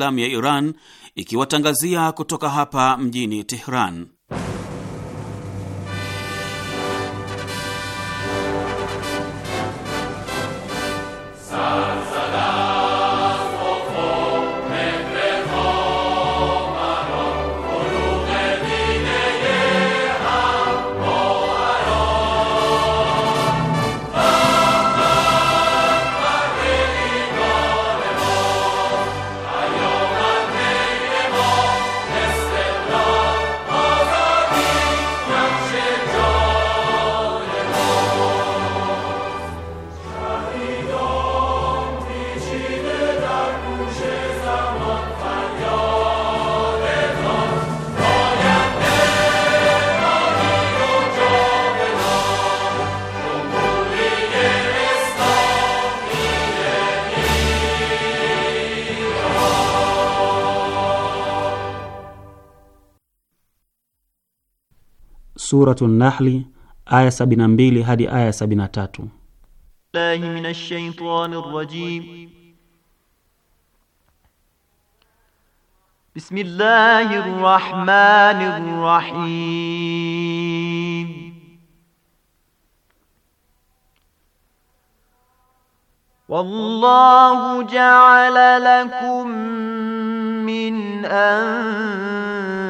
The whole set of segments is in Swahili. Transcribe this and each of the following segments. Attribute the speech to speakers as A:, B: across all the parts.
A: Islamu ya Iran ikiwatangazia kutoka hapa mjini Tehran. Suratu Nahli aya 72 hadi aya 73.
B: Billahi minash shaitanir rajim. Bismillahir rahmanir rahim. Wallahu ja'ala lakum min anfusikum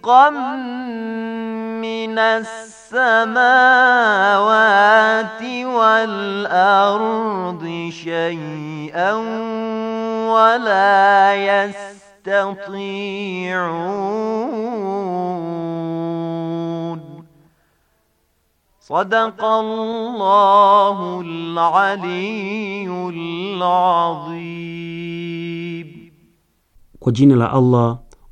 B: رزقا من السماوات والأرض شيئا ولا يستطيعون صدق الله العلي
A: العظيم Kwa jina la Allah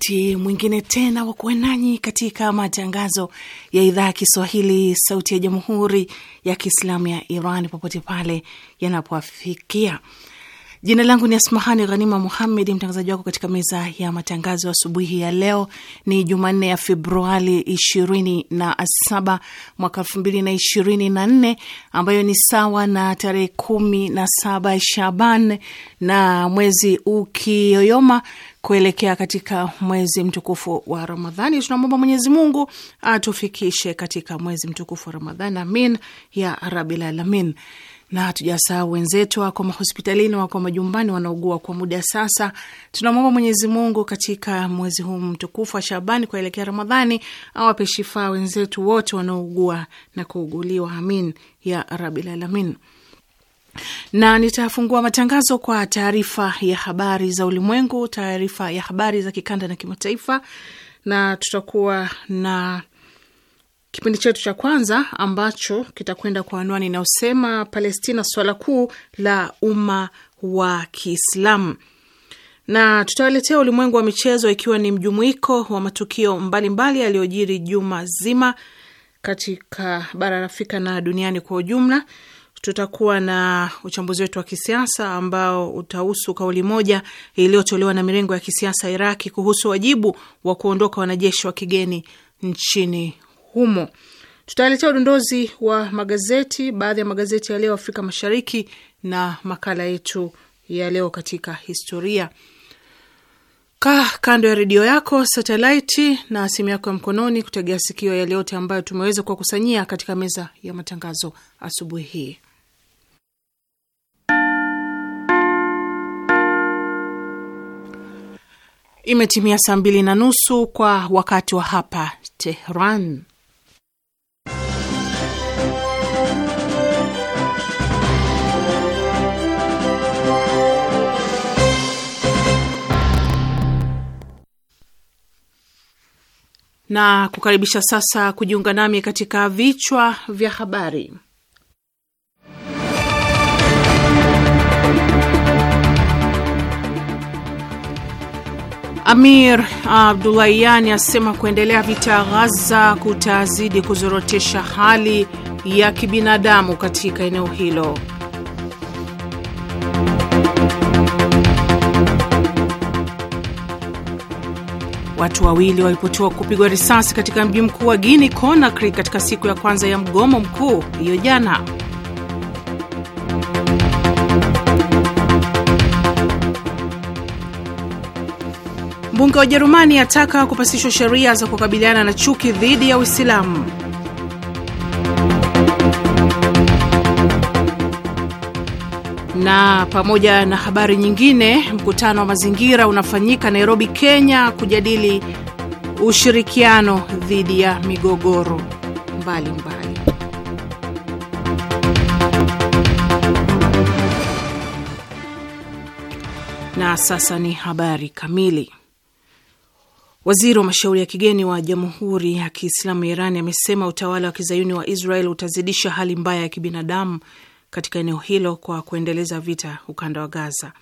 C: wakati mwingine tena wa kuwa nanyi katika matangazo ya idhaa ya Kiswahili, sauti ya jamhuri ya kiislamu ya Iran, popote pale yanapoafikia. Jina langu ni Asmahani Ghanima Muhammed, mtangazaji wako katika meza ya matangazo asubuhi ya leo. Ni Jumanne ya Februari ishirini mwaka elfu ambayo ni sawa na tarehe 17 Shaban na mwezi ukiyoyoma kuelekea katika mwezi mtukufu wa Ramadhani. Tunamwomba Mwenyezi Mungu atufikishe katika mwezi mtukufu wa Ramadhani, amin ya rabil alamin. Na hatujasahau wenzetu wako mahospitalini, wako majumbani, wanaugua kwa muda sasa. Tunamwomba Mwenyezi Mungu katika mwezi huu mtukufu wa Shabani kuelekea Ramadhani awape shifaa wenzetu wote wanaougua na kuuguliwa, amin ya rabil alamin na nitafungua matangazo kwa taarifa ya habari za ulimwengu, taarifa ya habari za kikanda na kimataifa, na tutakuwa na kipindi chetu cha kwanza ambacho kitakwenda kwa anwani inayosema Palestina, swala kuu la umma wa Kiislamu, na tutawaletea ulimwengu wa michezo, ikiwa ni mjumuiko wa matukio mbalimbali yaliyojiri juma zima katika bara la Afrika na duniani kwa ujumla tutakuwa na uchambuzi wetu wa kisiasa ambao utahusu kauli moja iliyotolewa na mirengo ya kisiasa Iraki kuhusu wajibu wa kuondoka wanajeshi wa kigeni nchini humo. Tutaletea udondozi wa magazeti, baadhi ya magazeti ya leo Afrika Mashariki, na makala yetu ya leo katika historia. Ka kando ya redio yako satelaiti na simu yako ya mkononi kutegea sikio yale yote ambayo tumeweza kuwakusanyia katika meza ya matangazo asubuhi hii. Imetimia saa mbili na nusu kwa wakati wa hapa Tehran. Na kukaribisha sasa kujiunga nami katika vichwa vya habari. Amir Abdullahian asema kuendelea vita Ghaza kutazidi kuzorotesha hali ya kibinadamu katika eneo hilo. Watu wawili walipotiwa kupigwa risasi katika mji mkuu wa Guinea Conakry katika siku ya kwanza ya mgomo mkuu hiyo jana. Bunge wa Ujerumani ataka kupasishwa sheria za kukabiliana na chuki dhidi ya Uislamu. Na pamoja na habari nyingine, mkutano wa mazingira unafanyika Nairobi, Kenya kujadili ushirikiano dhidi ya migogoro mbalimbali mbali. Na sasa ni habari kamili. Waziri wa mashauri ya kigeni wa Jamhuri ya Kiislamu ya Iran amesema utawala wa kizayuni wa Israel utazidisha hali mbaya ya kibinadamu katika eneo hilo kwa kuendeleza vita ukanda wa Gaza.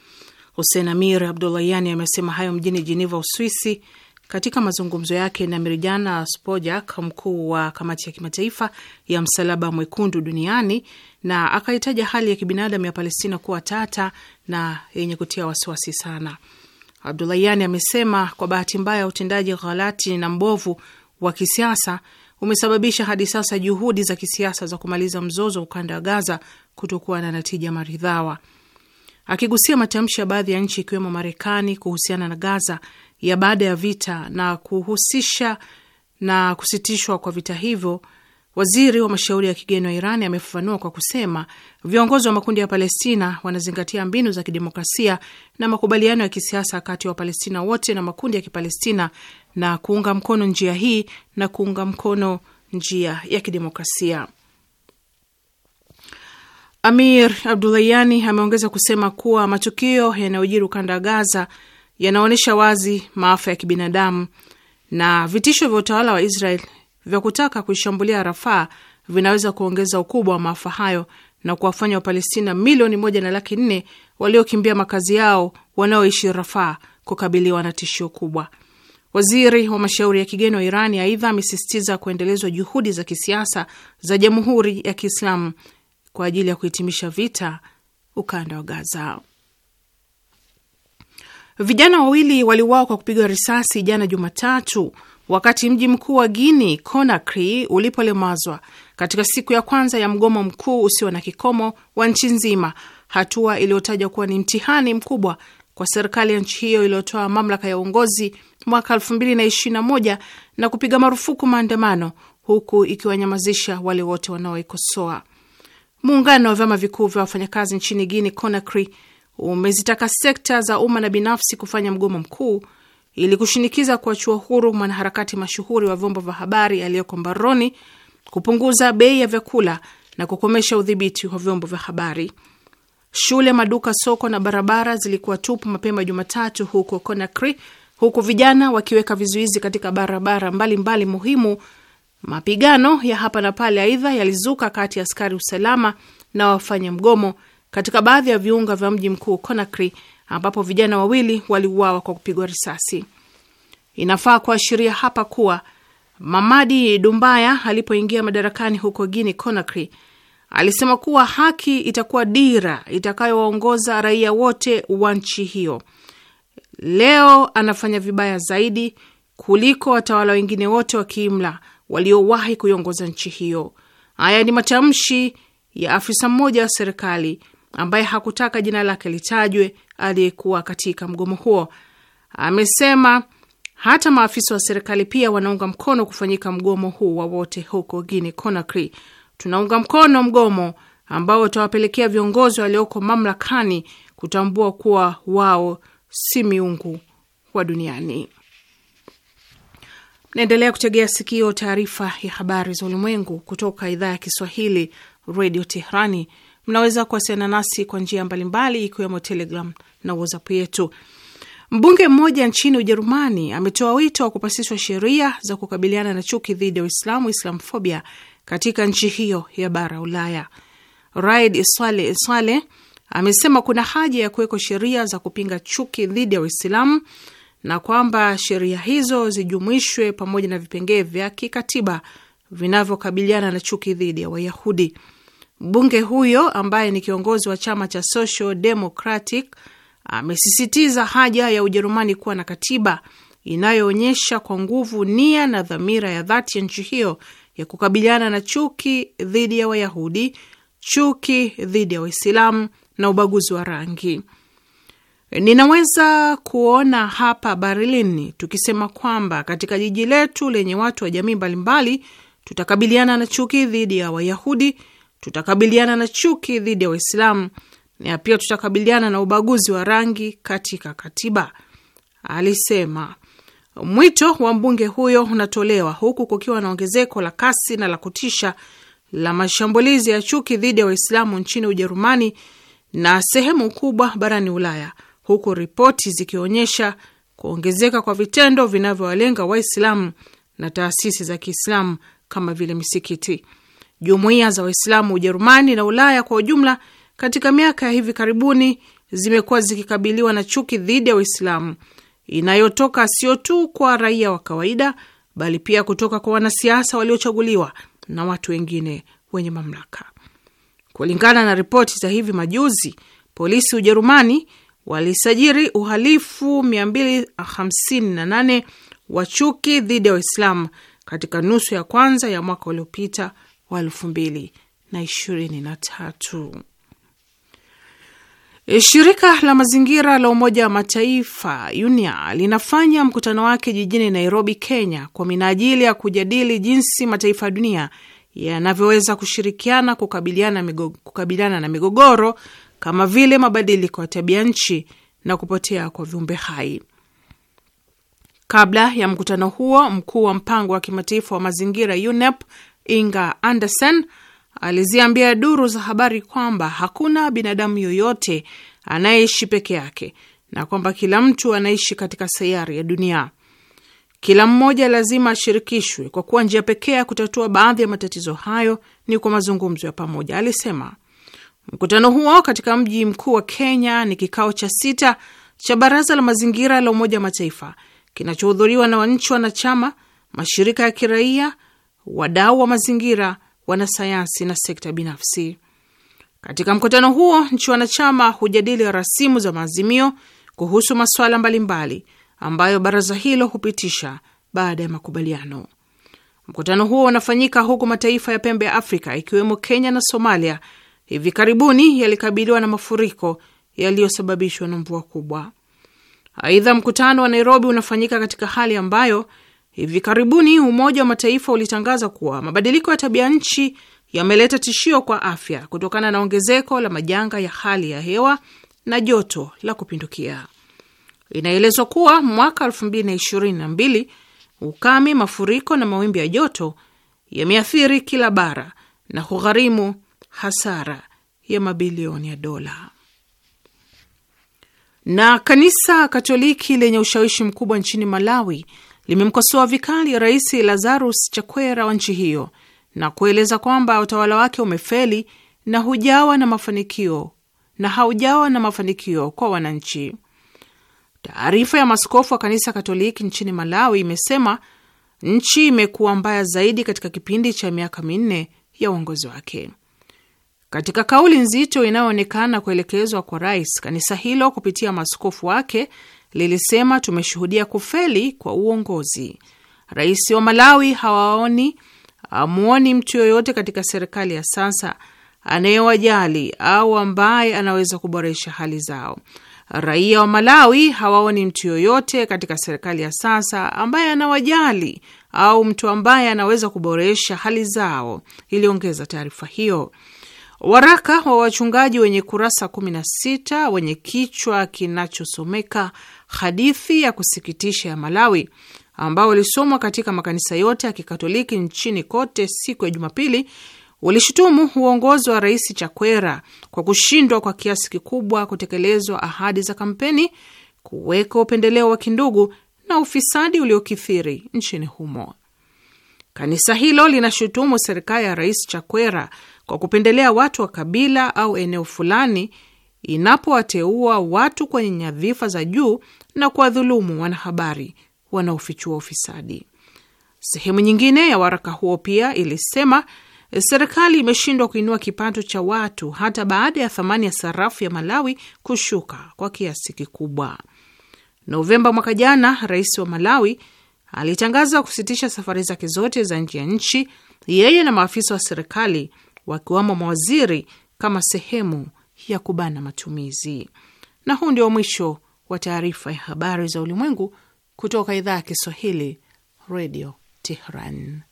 C: Hussein Amir Abdullahiani amesema hayo mjini Jeneva, Uswisi, katika mazungumzo yake na Mirjana Spojak, mkuu wa kamati ya kimataifa ya Msalaba Mwekundu duniani, na akaitaja hali ya kibinadamu ya Palestina kuwa tata na yenye kutia wasiwasi sana. Abdulayani amesema kwa bahati mbaya, utendaji ghalati na mbovu wa kisiasa umesababisha hadi sasa juhudi za kisiasa za kumaliza mzozo ukanda wa Gaza kutokuwa na natija maridhawa. Akigusia matamshi ya baadhi ya nchi ikiwemo Marekani kuhusiana na Gaza ya baada ya vita na kuhusisha na kusitishwa kwa vita hivyo Waziri wa mashauri ya kigeni wa Irani amefafanua kwa kusema viongozi wa makundi ya Palestina wanazingatia mbinu za kidemokrasia na makubaliano ya kisiasa kati ya Wapalestina wote na makundi ya Kipalestina na kuunga mkono njia hii na kuunga mkono njia ya kidemokrasia. Amir Abdulayani ameongeza kusema kuwa matukio yanayojiri ukanda wa Gaza yanaonyesha wazi maafa ya kibinadamu na vitisho vya utawala wa Israel vya kutaka kuishambulia Rafaa vinaweza kuongeza ukubwa wa maafa hayo na kuwafanya Wapalestina milioni moja na laki nne waliokimbia makazi yao wanaoishi Rafaa kukabiliwa na tishio kubwa. Waziri wa mashauri ya kigeni wa Irani aidha amesisitiza kuendelezwa juhudi za kisiasa za Jamhuri ya Kiislamu kwa ajili ya kuhitimisha vita ukanda wa Gaza. Vijana wawili waliuawa kwa kupigwa risasi jana Jumatatu wakati mji mkuu wa Guini Conakry ulipolemazwa katika siku ya kwanza ya mgomo mkuu usio na kikomo wa nchi nzima, hatua iliyotajwa kuwa ni mtihani mkubwa kwa serikali ya nchi hiyo iliyotoa mamlaka ya uongozi mwaka 2021 na, na kupiga marufuku maandamano huku ikiwanyamazisha wale wote wanaoikosoa. Muungano wa vyama vikuu vya wafanyakazi nchini Guini Conakry umezitaka sekta za umma na binafsi kufanya mgomo mkuu ili kushinikiza kuachiwa huru mwanaharakati mashuhuri wa vyombo vya habari aliyoko mbaroni, kupunguza bei ya vyakula na kukomesha udhibiti wa vyombo vya habari. Shule, maduka, soko na barabara zilikuwa tupu mapema Jumatatu huko Conakry, huku vijana wakiweka vizuizi katika barabara mbalimbali mbali muhimu. Mapigano ya hapa na pale aidha yalizuka kati ya askari usalama na wafanya mgomo katika baadhi ya viunga vya mji mkuu Conakry ambapo vijana wawili waliuawa kwa kupigwa risasi. Inafaa kuashiria hapa kuwa Mamadi Dumbaya alipoingia madarakani huko Guinea Conakry alisema kuwa haki itakuwa dira itakayowaongoza raia wote wa nchi hiyo. Leo anafanya vibaya zaidi kuliko watawala wengine wote wa kiimla waliowahi kuiongoza nchi hiyo. Haya ni matamshi ya afisa mmoja wa serikali ambaye hakutaka jina lake litajwe aliyekuwa katika mgomo huo. Amesema hata maafisa wa serikali pia wanaunga mkono kufanyika mgomo huu wa wote huko guine Conakry. Tunaunga mkono mgomo ambao utawapelekea viongozi walioko mamlakani kutambua kuwa wao si miungu wa duniani. Naendelea kutegea sikio taarifa ya habari za ulimwengu kutoka idhaa ya Kiswahili, Radio Tehrani mnaweza kuwasiliana nasi kwa njia mbalimbali ikiwemo Telegram na WhatsApp yetu. Mbunge mmoja nchini Ujerumani ametoa wito wa kupasishwa sheria za kukabiliana na chuki dhidi ya Uislamu, islamfobia, katika nchi hiyo ya bara Ulaya. Raid Swale Swale amesema kuna haja ya kuwekwa sheria za kupinga chuki dhidi ya Uislamu na kwamba sheria hizo zijumuishwe pamoja na vipengee vya kikatiba vinavyokabiliana na chuki dhidi ya Wayahudi. Mbunge huyo ambaye ni kiongozi wa chama cha Social Democratic amesisitiza haja ya Ujerumani kuwa na katiba inayoonyesha kwa nguvu nia na dhamira ya dhati ya nchi hiyo ya kukabiliana na chuki dhidi ya Wayahudi, chuki dhidi ya Waislamu na ubaguzi wa rangi. Ninaweza kuona hapa Berlin tukisema kwamba katika jiji letu lenye watu wa jamii mbalimbali tutakabiliana na chuki dhidi ya Wayahudi Tutakabiliana na chuki dhidi ya Waislamu na pia tutakabiliana na ubaguzi wa rangi katika katiba, alisema. Mwito wa mbunge huyo unatolewa huku kukiwa na ongezeko la kasi na la kutisha la mashambulizi ya chuki dhidi ya Waislamu nchini Ujerumani na sehemu kubwa barani Ulaya, huku ripoti zikionyesha kuongezeka kwa vitendo vinavyowalenga Waislamu na taasisi za Kiislamu kama vile misikiti. Jumuiya za Waislamu Ujerumani na Ulaya kwa ujumla katika miaka ya hivi karibuni zimekuwa zikikabiliwa na chuki dhidi ya Waislamu inayotoka sio tu kwa raia wa kawaida, bali pia kutoka kwa wanasiasa waliochaguliwa na watu wengine wenye mamlaka. Kulingana na ripoti za hivi majuzi, polisi Ujerumani walisajiri uhalifu 258 wa chuki dhidi ya Waislamu katika nusu ya kwanza ya mwaka uliopita wa elfu mbili na ishirini na tatu. E, shirika la mazingira la Umoja wa Mataifa UNIA linafanya mkutano wake jijini Nairobi, Kenya, kwa minajili ya kujadili jinsi mataifa ya dunia yanavyoweza kushirikiana kukabiliana, migo, kukabiliana na migogoro kama vile mabadiliko ya tabia nchi na kupotea kwa viumbe hai. Kabla ya mkutano huo, mkuu wa mpango wa kimataifa wa mazingira UNEP Inga andersen aliziambia duru za habari kwamba hakuna binadamu yoyote anayeishi peke yake na kwamba kila mtu anaishi katika sayari ya dunia. Kila mmoja lazima ashirikishwe, kwa kuwa njia pekee ya kutatua baadhi ya matatizo hayo ni kwa mazungumzo ya pamoja, alisema. Mkutano huo katika mji mkuu wa Kenya ni kikao cha sita cha Baraza la Mazingira la Umoja wa Mataifa kinachohudhuriwa na wanchi wanachama, mashirika ya kiraia wadau wa mazingira, wanasayansi na sekta binafsi. Katika mkutano huo, nchi wanachama hujadili rasimu za maazimio kuhusu masuala mbalimbali ambayo baraza hilo hupitisha baada ya makubaliano. Mkutano huo unafanyika huku mataifa ya pembe ya Afrika ikiwemo Kenya na Somalia hivi karibuni yalikabiliwa na mafuriko yaliyosababishwa na mvua kubwa. Aidha, mkutano wa Nairobi unafanyika katika hali ambayo Hivi karibuni Umoja wa Mataifa ulitangaza kuwa mabadiliko ya tabia nchi yameleta tishio kwa afya kutokana na ongezeko la majanga ya hali ya hewa na joto la kupindukia. Inaelezwa kuwa mwaka 2022 ukame, mafuriko na mawimbi ya joto yameathiri kila bara na kugharimu hasara ya mabilioni ya dola. Na kanisa Katoliki lenye ushawishi mkubwa nchini Malawi limemkosoa vikali Rais Lazarus Chakwera wa nchi hiyo na kueleza kwamba utawala wake umefeli na hujawa na mafanikio na haujawa na mafanikio kwa wananchi. Taarifa ya maskofu wa kanisa Katoliki nchini Malawi imesema nchi imekuwa mbaya zaidi katika kipindi cha miaka minne ya uongozi wake. Katika kauli nzito inayoonekana kuelekezwa kwa rais, kanisa hilo kupitia maskofu wake lilisema tumeshuhudia kufeli kwa uongozi. Rais wa Malawi hawaoni amwoni mtu yoyote katika serikali ya sasa anayewajali au ambaye anaweza kuboresha hali zao. Raia wa Malawi hawaoni mtu yoyote katika serikali ya sasa ambaye anawajali au mtu ambaye anaweza kuboresha hali zao, iliongeza taarifa hiyo. Waraka wa wachungaji wenye kurasa 16 wenye kichwa kinachosomeka hadithi ya kusikitisha ya Malawi, ambao ulisomwa katika makanisa yote ya Kikatoliki nchini kote siku ya Jumapili, ulishutumu uongozi wa Rais Chakwera kwa kushindwa kwa kiasi kikubwa kutekelezwa ahadi za kampeni, kuweka upendeleo wa kindugu na ufisadi uliokithiri nchini humo. Kanisa hilo linashutumu serikali ya Rais Chakwera kwa kupendelea watu wa kabila au eneo fulani inapowateua watu kwenye nyadhifa za juu na kuwadhulumu wanahabari wanaofichua ufisadi. Sehemu nyingine ya waraka huo pia ilisema serikali imeshindwa kuinua kipato cha watu hata baada ya thamani ya sarafu ya Malawi kushuka kwa kiasi kikubwa. Novemba mwaka jana, rais wa Malawi alitangaza kusitisha safari zake zote za nje ya nchi, yeye na maafisa wa serikali wakiwamo mawaziri kama sehemu ya kubana matumizi. Na huu ndio mwisho wa taarifa ya habari za ulimwengu kutoka idhaa ya Kiswahili, Radio Tehran.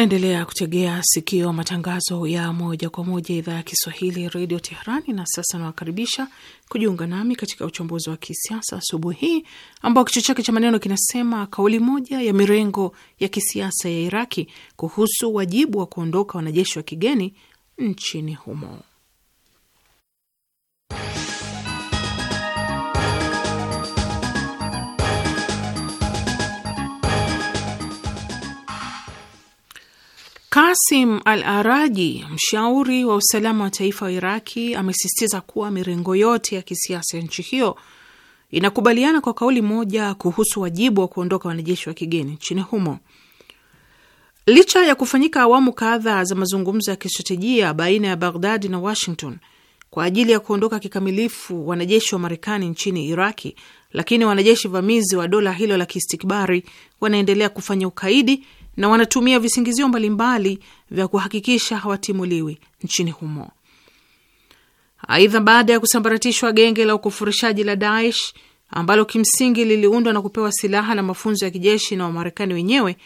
C: Naendelea kutegea sikio matangazo ya moja kwa moja idhaa ya Kiswahili redio Teherani. Na sasa nawakaribisha kujiunga nami katika uchambuzi wa kisiasa asubuhi hii ambao kichwa chake cha maneno kinasema kauli moja ya mirengo ya kisiasa ya Iraki kuhusu wajibu wa kuondoka wanajeshi wa kigeni nchini humo. Kasim Al Araji, mshauri wa usalama wa taifa wa Iraki, amesisitiza kuwa mirengo yote ya kisiasa ya nchi hiyo inakubaliana kwa kauli moja kuhusu wajibu wa kuondoka wanajeshi wa kigeni nchini humo. Licha ya kufanyika awamu kadhaa za mazungumzo ya kistratejia baina ya Baghdad na Washington kwa ajili ya kuondoka kikamilifu wanajeshi wa Marekani nchini Iraki, lakini wanajeshi vamizi wa dola hilo la kiistikbari wanaendelea kufanya ukaidi na wanatumia visingizio mbalimbali vya kuhakikisha hawatimuliwi nchini humo. Aidha, baada ya kusambaratishwa genge la ukufurishaji la Daesh ambalo kimsingi liliundwa na kupewa silaha na mafunzo ya kijeshi na Wamarekani wenyewe,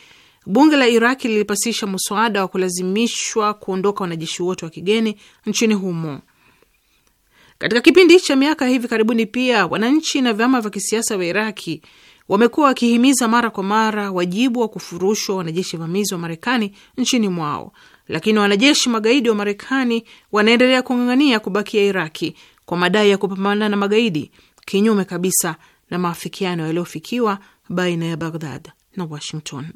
C: bunge la Iraki lilipasisha mswada wa kulazimishwa kuondoka wanajeshi wote wa kigeni nchini humo. Katika kipindi cha miaka hivi karibuni, pia wananchi na vyama vya kisiasa vya Iraki wamekuwa wakihimiza mara kwa mara wajibu wa kufurushwa wanajeshi vamizi wa Marekani nchini mwao, lakini wanajeshi magaidi wa Marekani wanaendelea kung'ang'ania kubakia Iraki kwa madai ya kupambana na magaidi, kinyume kabisa na maafikiano yaliyofikiwa baina ya Baghdad na Washington.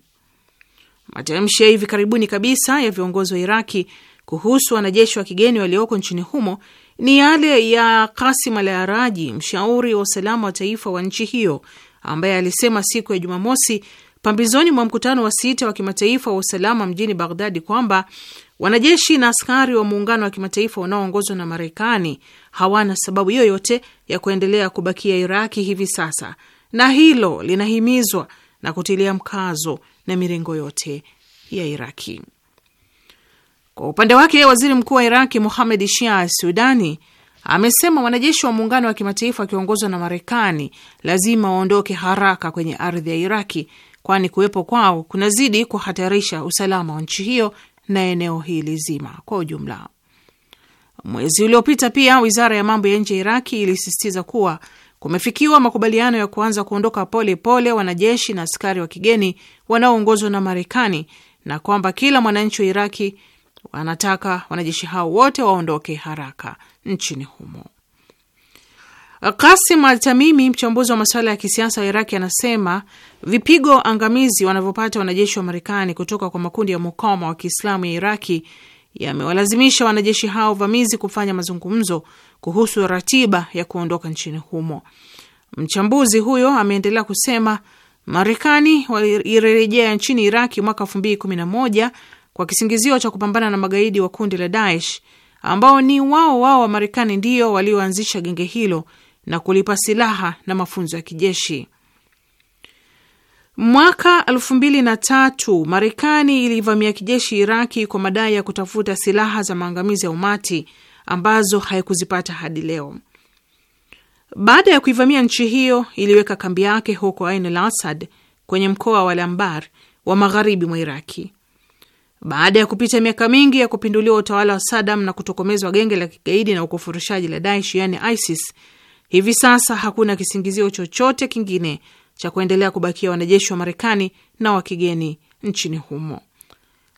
C: Matamshi ya hivi karibuni kabisa ya viongozi wa Iraki kuhusu wanajeshi wa kigeni walioko nchini humo ni yale ya Kasim Al Araji, mshauri wa usalama wa taifa wa nchi hiyo, ambaye alisema siku ya Jumamosi pambizoni mwa mkutano wa sita wa kimataifa wa usalama mjini Baghdadi kwamba wanajeshi na askari wa muungano wa kimataifa wanaoongozwa na Marekani hawana sababu yoyote ya kuendelea kubakia Iraki hivi sasa, na hilo linahimizwa na kutilia mkazo na mirengo yote ya Iraki. Kwa upande wake, waziri mkuu wa Iraki muhamed Shia Sudani amesema wanajeshi wa muungano wa kimataifa wakiongozwa na Marekani lazima waondoke haraka kwenye ardhi ya Iraki, kwani kuwepo kwao kunazidi kuhatarisha usalama wa nchi hiyo na eneo hili zima kwa ujumla. Mwezi uliopita pia wizara ya mambo ya nje ya Iraki ilisisitiza kuwa kumefikiwa makubaliano ya kuanza kuondoka pole pole wanajeshi na askari wa kigeni wanaoongozwa na Marekani na kwamba kila mwananchi wa Iraki wanataka wanajeshi hao wote waondoke haraka nchini humo. Kasim Altamimi, mchambuzi wa masuala ya kisiasa wa Iraki, anasema vipigo angamizi wanavyopata wanajeshi wa Marekani kutoka kwa makundi ya mukawama wa Kiislamu ya Iraki yamewalazimisha wanajeshi hao vamizi kufanya mazungumzo kuhusu ratiba ya kuondoka nchini humo. Mchambuzi huyo ameendelea kusema Marekani walirejea nchini Iraki mwaka 2011 kwa kisingizio cha kupambana na magaidi wa kundi la Daesh ambao ni wao wao wa Marekani ndio walioanzisha genge hilo na kulipa silaha na mafunzo ya kijeshi. Mwaka elfu mbili na tatu Marekani ilivamia kijeshi Iraki kwa madai ya kutafuta silaha za maangamizi ya umati ambazo haikuzipata hadi leo. Baada ya kuivamia nchi hiyo, iliweka kambi yake huko Ain al Asad kwenye mkoa wa Lambar wa magharibi mwa Iraki. Baada ya kupita miaka mingi ya kupinduliwa utawala wa Sadam na kutokomezwa genge la kigaidi na ukufurushaji la Daesh yani ISIS, hivi sasa hakuna kisingizio chochote kingine cha kuendelea kubakia wanajeshi wa Marekani na wa kigeni nchini humo.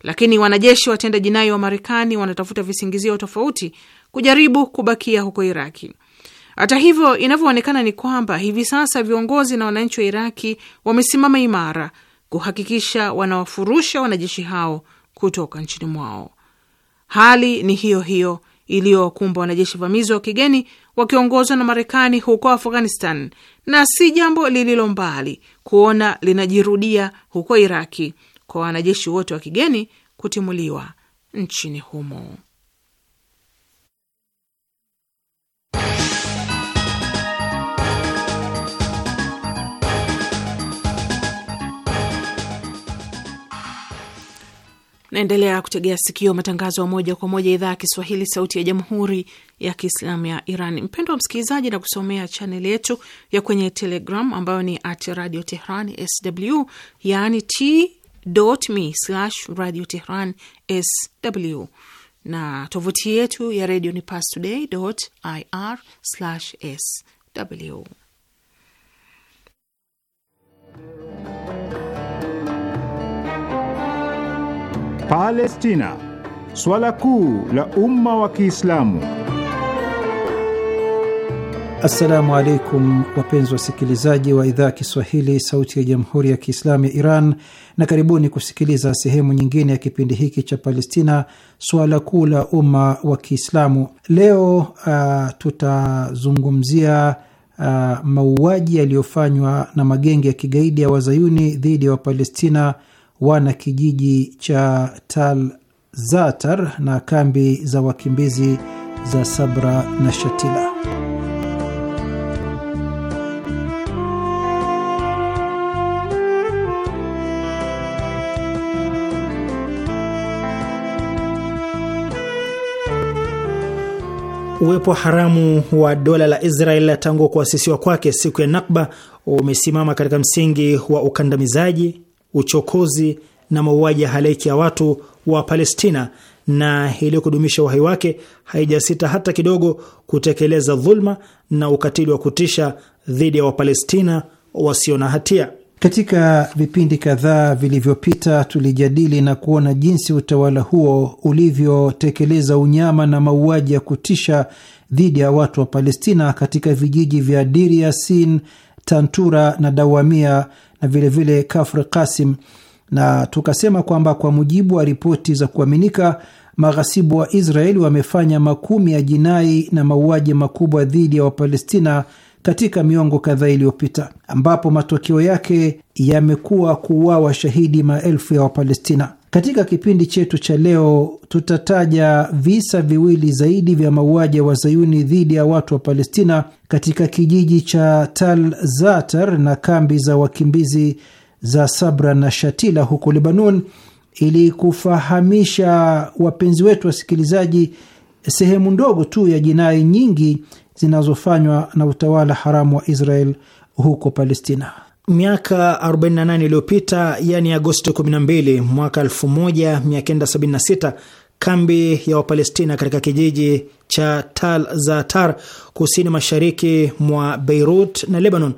C: Lakini wanajeshi watenda jinai wa Marekani wanatafuta visingizio tofauti kujaribu kubakia huko Iraki. Hata hivyo, inavyoonekana ni kwamba hivi sasa viongozi na wananchi wa Iraki wamesimama imara kuhakikisha wanawafurusha wanajeshi hao kutoka nchini mwao. Hali ni hiyo hiyo iliyowakumba wanajeshi vamizi wa kigeni wakiongozwa na Marekani huko Afghanistan, na si jambo lililo mbali kuona linajirudia huko Iraki kwa wanajeshi wote wa kigeni kutimuliwa nchini humo. Naendelea kutegea sikio matangazo ya moja kwa moja idhaa ya Kiswahili, sauti ya jamhuri ya kiislamu ya Iran. Mpendwa msikilizaji, na kusomea chaneli yetu ya kwenye Telegram ambayo ni at radio tehran sw, yaani t.me slash radio tehran sw, na tovuti yetu ya redio ni pastoday ir sw.
A: Palestina,
D: swala kuu la umma wa Kiislamu. Assalamu alaikum wapenzi wasikilizaji wa idhaa ya Kiswahili sauti ya jamhuri ya Kiislamu ya Iran, na karibuni kusikiliza sehemu nyingine ya kipindi hiki cha Palestina, suala kuu la umma wa Kiislamu. Leo uh, tutazungumzia uh, mauaji yaliyofanywa na magenge ya kigaidi ya wazayuni dhidi ya Wapalestina wana kijiji cha Tal Zatar na kambi za wakimbizi za Sabra na Shatila.
A: Uwepo haramu wa dola la Israel tangu kuasisiwa kwake siku ya Nakba umesimama katika msingi wa ukandamizaji uchokozi na mauaji ya halaiki ya watu wa Palestina na ili kudumisha uhai wake haijasita hata kidogo kutekeleza dhulma na ukatili wa kutisha dhidi ya Wapalestina wasio na hatia.
D: Katika vipindi kadhaa vilivyopita, tulijadili na kuona jinsi utawala huo ulivyotekeleza unyama na mauaji ya kutisha dhidi ya watu wa Palestina katika vijiji vya Dir Yasin, Tantura na Dawamia na vilevile vile Kafr Kasim, na tukasema kwamba kwa mujibu wa ripoti za kuaminika maghasibu wa Israeli wamefanya makumi ya jinai na mauaji makubwa dhidi ya Wapalestina katika miongo kadhaa iliyopita, ambapo matokeo yake yamekuwa kuuawa shahidi maelfu ya Wapalestina. Katika kipindi chetu cha leo tutataja visa viwili zaidi vya mauaji ya wazayuni dhidi ya watu wa Palestina katika kijiji cha Tal Zatar na kambi za wakimbizi za Sabra na Shatila huko Lebanon, ili kufahamisha wapenzi wetu wasikilizaji sehemu ndogo tu ya jinai nyingi zinazofanywa na utawala haramu wa Israel huko Palestina
A: miaka 48 iliyopita, yani Agosti 12 mwaka 1976 kambi ya Wapalestina katika kijiji cha Tal Zatar kusini mashariki mwa Beirut na Lebanon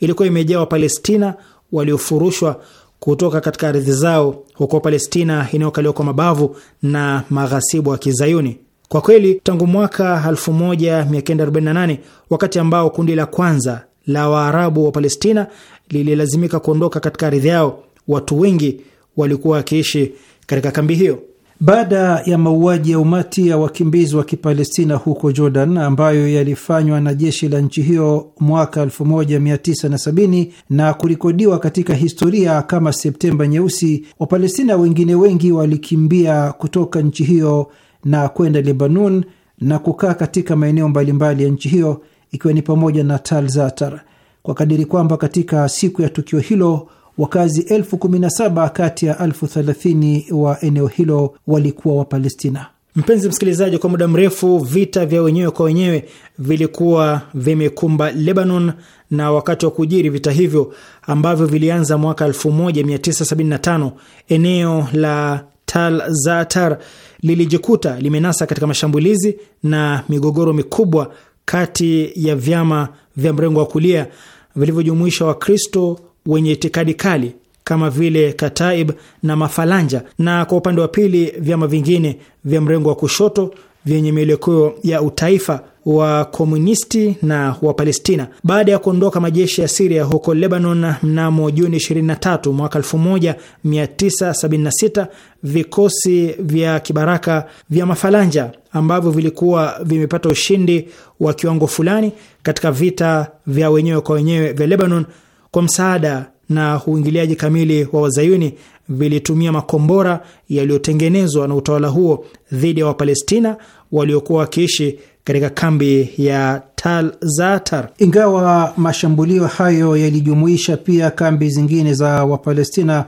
A: ilikuwa imejaa Wapalestina waliofurushwa kutoka katika ardhi zao huko Palestina inayokaliwa kwa mabavu na maghasibu wa Kizayuni. Kwa kweli tangu mwaka 1948 wakati ambao kundi la kwanza la Waarabu wa Palestina lililazimika kuondoka katika ardhi
D: yao. Watu wengi walikuwa wakiishi katika kambi hiyo. Baada ya mauaji ya umati ya wakimbizi wa Kipalestina huko Jordan ambayo yalifanywa na jeshi la nchi hiyo mwaka 1970 na kurikodiwa katika historia kama Septemba Nyeusi, Wapalestina wengine wengi walikimbia kutoka nchi hiyo na kwenda Lebanon na kukaa katika maeneo mbalimbali ya nchi hiyo ikiwa ni pamoja na Tal Zatar kwa kadiri kwamba katika siku ya tukio hilo wakazi elfu kumi na saba kati ya elfu thelathini wa eneo hilo walikuwa Wapalestina.
A: Mpenzi msikilizaji, kwa muda mrefu vita vya wenyewe kwa wenyewe vilikuwa vimekumba Lebanon, na wakati wa kujiri vita hivyo ambavyo vilianza mwaka 1975 eneo la Tal Zatar lilijikuta limenasa katika mashambulizi na migogoro mikubwa kati ya vyama vya mrengo wa kulia vilivyojumuisha Wakristo wenye itikadi kali kama vile Kataib na Mafalanja, na kwa upande wa pili vyama vingine vya mrengo wa kushoto vyenye mielekeo ya utaifa wa komunisti na Wapalestina. Baada ya kuondoka majeshi ya Siria huko Lebanon mnamo Juni 23 mwaka 1976, vikosi vya kibaraka vya Mafalanja ambavyo vilikuwa vimepata ushindi wa kiwango fulani katika vita vya wenyewe kwa wenyewe vya Lebanon, kwa msaada na uingiliaji kamili wa Wazayuni, vilitumia makombora yaliyotengenezwa na utawala huo dhidi ya Wapalestina waliokuwa wakiishi katika kambi ya Tal
D: Zatar. Ingawa mashambulio hayo yalijumuisha pia kambi zingine za Wapalestina,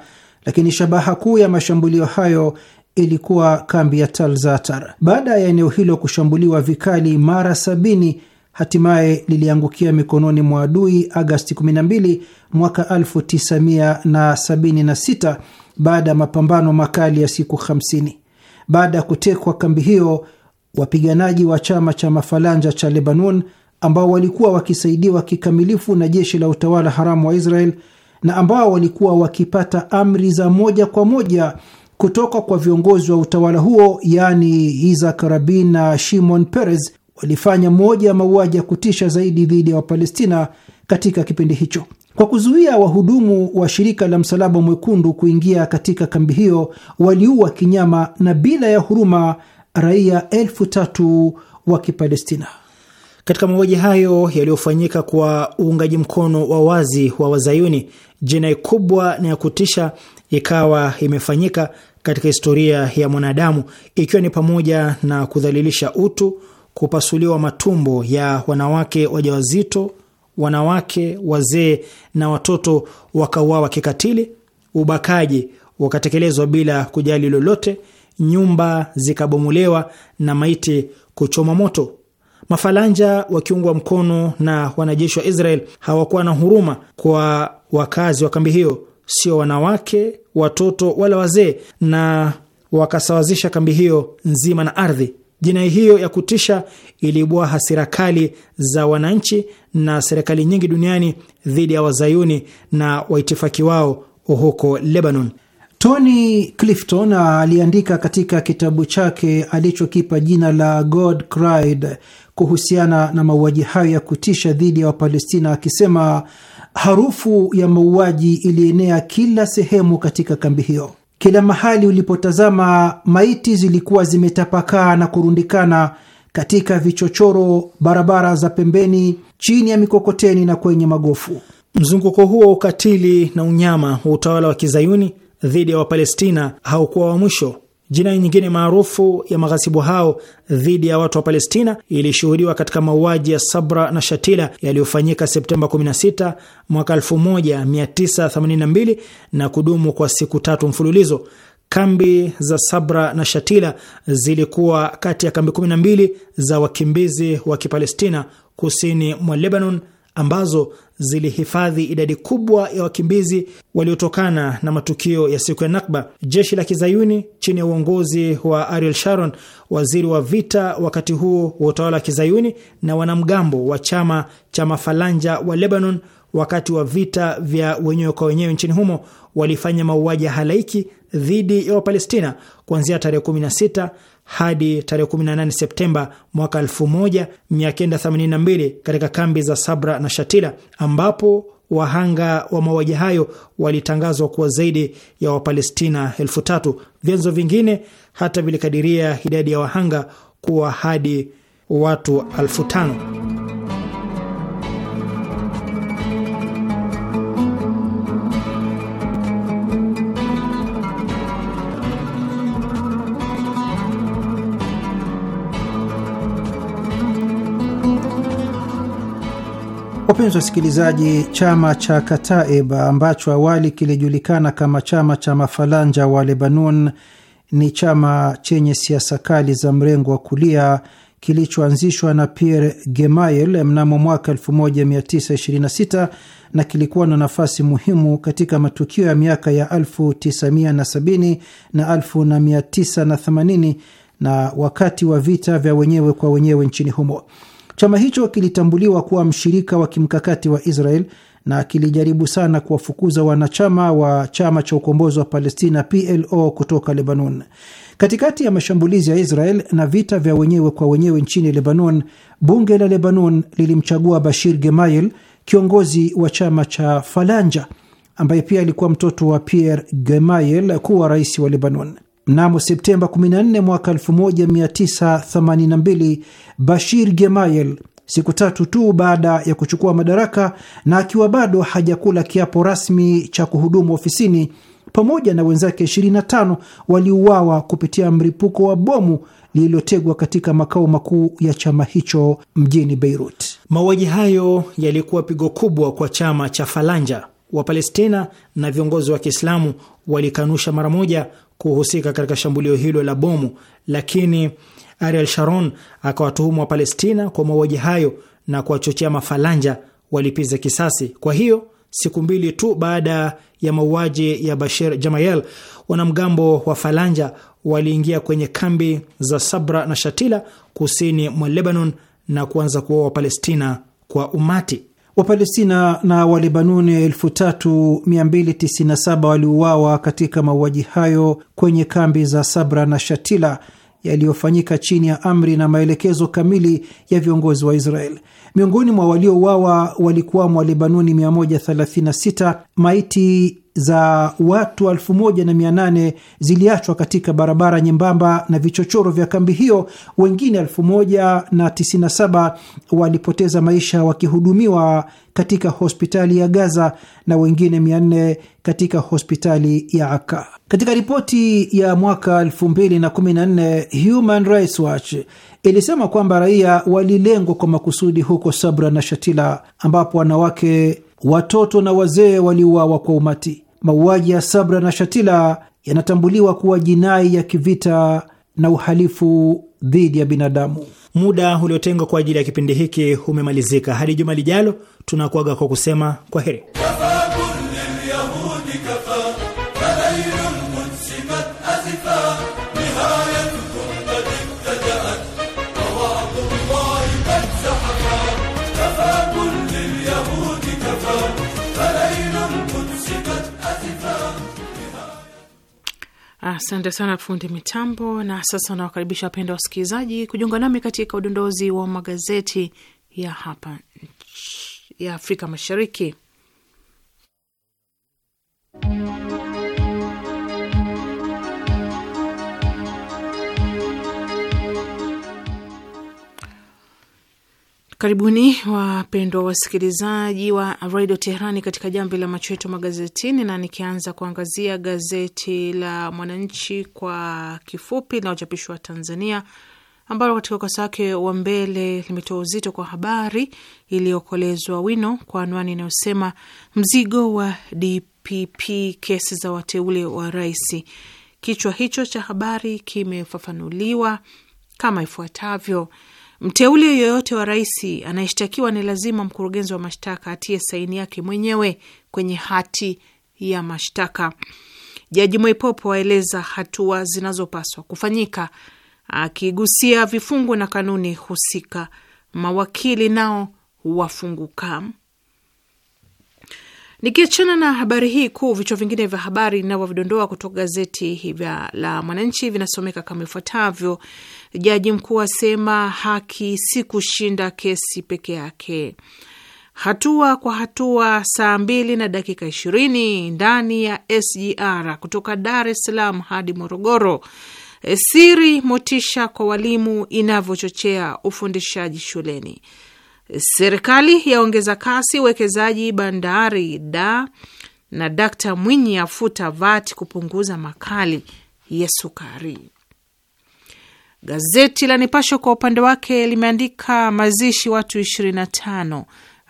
D: lakini shabaha kuu ya mashambulio hayo ilikuwa kambi ya Tal Zatar. Baada ya eneo hilo kushambuliwa vikali mara sabini, hatimaye liliangukia mikononi mwa adui Agasti 12 mwaka 1976 baada ya mapambano makali ya siku 50. Baada ya kutekwa kambi hiyo Wapiganaji wa chama cha Mafalanja cha Lebanon ambao walikuwa wakisaidiwa kikamilifu na jeshi la utawala haramu wa Israel na ambao walikuwa wakipata amri za moja kwa moja kutoka kwa viongozi wa utawala huo, yaani Isaac Rabin na Shimon Peres, walifanya moja ya mauaji ya kutisha zaidi dhidi ya Wapalestina katika kipindi hicho. Kwa kuzuia wahudumu wa shirika la Msalaba Mwekundu kuingia katika kambi hiyo, waliua kinyama na bila ya huruma raia elfu tatu wa Kipalestina. Katika mauaji hayo
A: yaliyofanyika kwa uungaji mkono wa wazi wa Wazayuni, jinai kubwa na ya kutisha ikawa imefanyika katika historia ya mwanadamu, ikiwa ni pamoja na kudhalilisha utu, kupasuliwa matumbo ya wanawake wajawazito, wanawake, wazee na watoto wakauawa kikatili, ubakaji wakatekelezwa bila kujali lolote, nyumba zikabomolewa na maiti kuchoma moto. Mafalanja wakiungwa mkono na wanajeshi wa Israel hawakuwa na huruma kwa wakazi wa kambi hiyo, sio wanawake, watoto wala wazee, na wakasawazisha kambi hiyo nzima na ardhi. Jinai hiyo ya kutisha iliibua hasira kali za wananchi na serikali nyingi duniani dhidi ya wazayuni na waitifaki wao
D: huko Lebanon. Tony Clifton aliandika katika kitabu chake alichokipa jina la God Cried kuhusiana na mauaji hayo ya kutisha dhidi ya Wapalestina akisema harufu ya mauaji ilienea kila sehemu katika kambi hiyo. Kila mahali ulipotazama, maiti zilikuwa zimetapakaa na kurundikana katika vichochoro, barabara za pembeni, chini ya mikokoteni na kwenye magofu. Mzunguko huo wa ukatili na unyama wa utawala
A: wa kizayuni dhidi ya Wapalestina haukuwa wa mwisho. Jinai nyingine maarufu ya maghasibu hao dhidi ya watu wa Palestina ilishuhudiwa katika mauaji ya Sabra na Shatila yaliyofanyika Septemba 16 mwaka 1982 na kudumu kwa siku tatu mfululizo. Kambi za Sabra na Shatila zilikuwa kati ya kambi 12 za wakimbizi wa Kipalestina kusini mwa Lebanon ambazo zilihifadhi idadi kubwa ya wakimbizi waliotokana na matukio ya siku ya Nakba. Jeshi la kizayuni chini ya uongozi wa Ariel Sharon, waziri wa vita wakati huo wa utawala wa kizayuni, na wanamgambo wa chama cha Mafalanja wa Lebanon wakati wa vita vya wenyewe kwa wenyewe nchini humo walifanya mauaji ya halaiki dhidi ya Wapalestina kuanzia tarehe 16 hadi tarehe 18 Septemba mwaka 1982 katika kambi za Sabra na Shatila ambapo wahanga wa mauaji hayo walitangazwa kuwa zaidi ya Wapalestina elfu tatu. Vyanzo vingine hata vilikadiria idadi ya wahanga kuwa hadi watu elfu tano.
D: Wapenzi wasikilizaji, chama cha Kataeb ambacho awali kilijulikana kama chama cha Mafalanja wa Lebanon ni chama chenye siasa kali za mrengo wa kulia kilichoanzishwa na Pierre Gemayel mnamo mwaka 1926 na kilikuwa na nafasi muhimu katika matukio ya miaka ya 1970 na 1980 na wakati wa vita vya wenyewe kwa wenyewe nchini humo. Chama hicho kilitambuliwa kuwa mshirika wa kimkakati wa Israel na kilijaribu sana kuwafukuza wanachama wa chama cha ukombozi wa Palestina PLO kutoka Lebanon. Katikati ya mashambulizi ya Israel na vita vya wenyewe kwa wenyewe nchini Lebanon, bunge la Lebanon lilimchagua Bashir Gemayel, kiongozi wa chama cha Falanja ambaye pia alikuwa mtoto wa Pierre Gemayel, kuwa rais wa Lebanon. Mnamo Septemba 14 mwaka 1982 Bashir Gemayel, siku tatu tu baada ya kuchukua madaraka na akiwa bado hajakula kiapo rasmi cha kuhudumu ofisini, pamoja na wenzake 25 waliuawa kupitia mlipuko wa bomu lililotegwa katika makao makuu ya chama hicho mjini Beirut.
A: Mauaji hayo yalikuwa pigo kubwa kwa chama cha Falanja. Wapalestina na viongozi wa Kiislamu walikanusha mara moja kuhusika katika shambulio hilo la bomu, lakini Ariel Sharon akawatuhumu wa Palestina kwa mauaji hayo na kuwachochea mafalanja walipiza kisasi. Kwa hiyo siku mbili tu baada ya mauaji ya Bashir Jamayel, wanamgambo wa Falanja waliingia kwenye kambi za Sabra na Shatila kusini mwa Lebanon na kuanza kuua Wapalestina kwa
D: umati. Wapalestina na Walebanuni 3297 waliuawa katika mauaji hayo kwenye kambi za Sabra na Shatila yaliyofanyika chini ya amri na maelekezo kamili ya viongozi wa Israel. Miongoni mwa waliouawa walikuwamo Walebanuni 136. Maiti za watu 1800 ziliachwa katika barabara nyembamba na vichochoro vya kambi hiyo. Wengine 1097 walipoteza maisha wakihudumiwa katika hospitali ya Gaza na wengine 400 katika hospitali ya Aka. Katika ripoti ya mwaka 2014 Human Rights Watch ilisema kwamba raia walilengwa kwa makusudi huko Sabra na Shatila, ambapo wanawake, watoto na wazee waliuawa kwa umati. Mauaji ya Sabra na Shatila yanatambuliwa kuwa jinai ya kivita na uhalifu dhidi ya binadamu.
A: Muda uliotengwa kwa ajili ya kipindi hiki umemalizika. Hadi juma lijalo, tunakuaga kwa kusema kwa heri.
C: Asante sana fundi mitambo. Na sasa nawakaribisha wapenda wasikilizaji kujiunga nami katika udondozi wa magazeti ya hapa ya Afrika Mashariki. Karibuni wapendwa wasikilizaji wa redio Teherani katika jambi la macho yetu magazetini, na nikianza kuangazia gazeti la Mwananchi kwa kifupi linalochapishwa Tanzania, ambalo katika ukurasa wake wa mbele limetoa uzito kwa habari iliyokolezwa wino kwa anwani inayosema mzigo wa DPP kesi za wateule wa rais. Kichwa hicho cha habari kimefafanuliwa kama ifuatavyo: Mteule yoyote wa rais anayeshtakiwa ni lazima mkurugenzi wa mashtaka atie saini yake mwenyewe kwenye hati ya mashtaka. Jaji Mwaipopo aeleza hatua zinazopaswa kufanyika, akigusia vifungu na kanuni husika. Mawakili nao wafunguka. Nikiachana na habari hii kuu, vichwa vingine vya habari inavyovidondoa kutoka gazeti la Mwananchi vinasomeka kama ifuatavyo: Jaji mkuu asema haki si kushinda kesi peke yake, hatua kwa hatua. Saa mbili na dakika ishirini ndani ya SGR kutoka Dar es Salaam hadi Morogoro. Siri motisha kwa walimu inavyochochea ufundishaji shuleni. Serikali yaongeza kasi uwekezaji bandari da na Dkt Mwinyi afuta VAT kupunguza makali ya sukari. Gazeti la Nipasho kwa upande wake limeandika mazishi watu 25,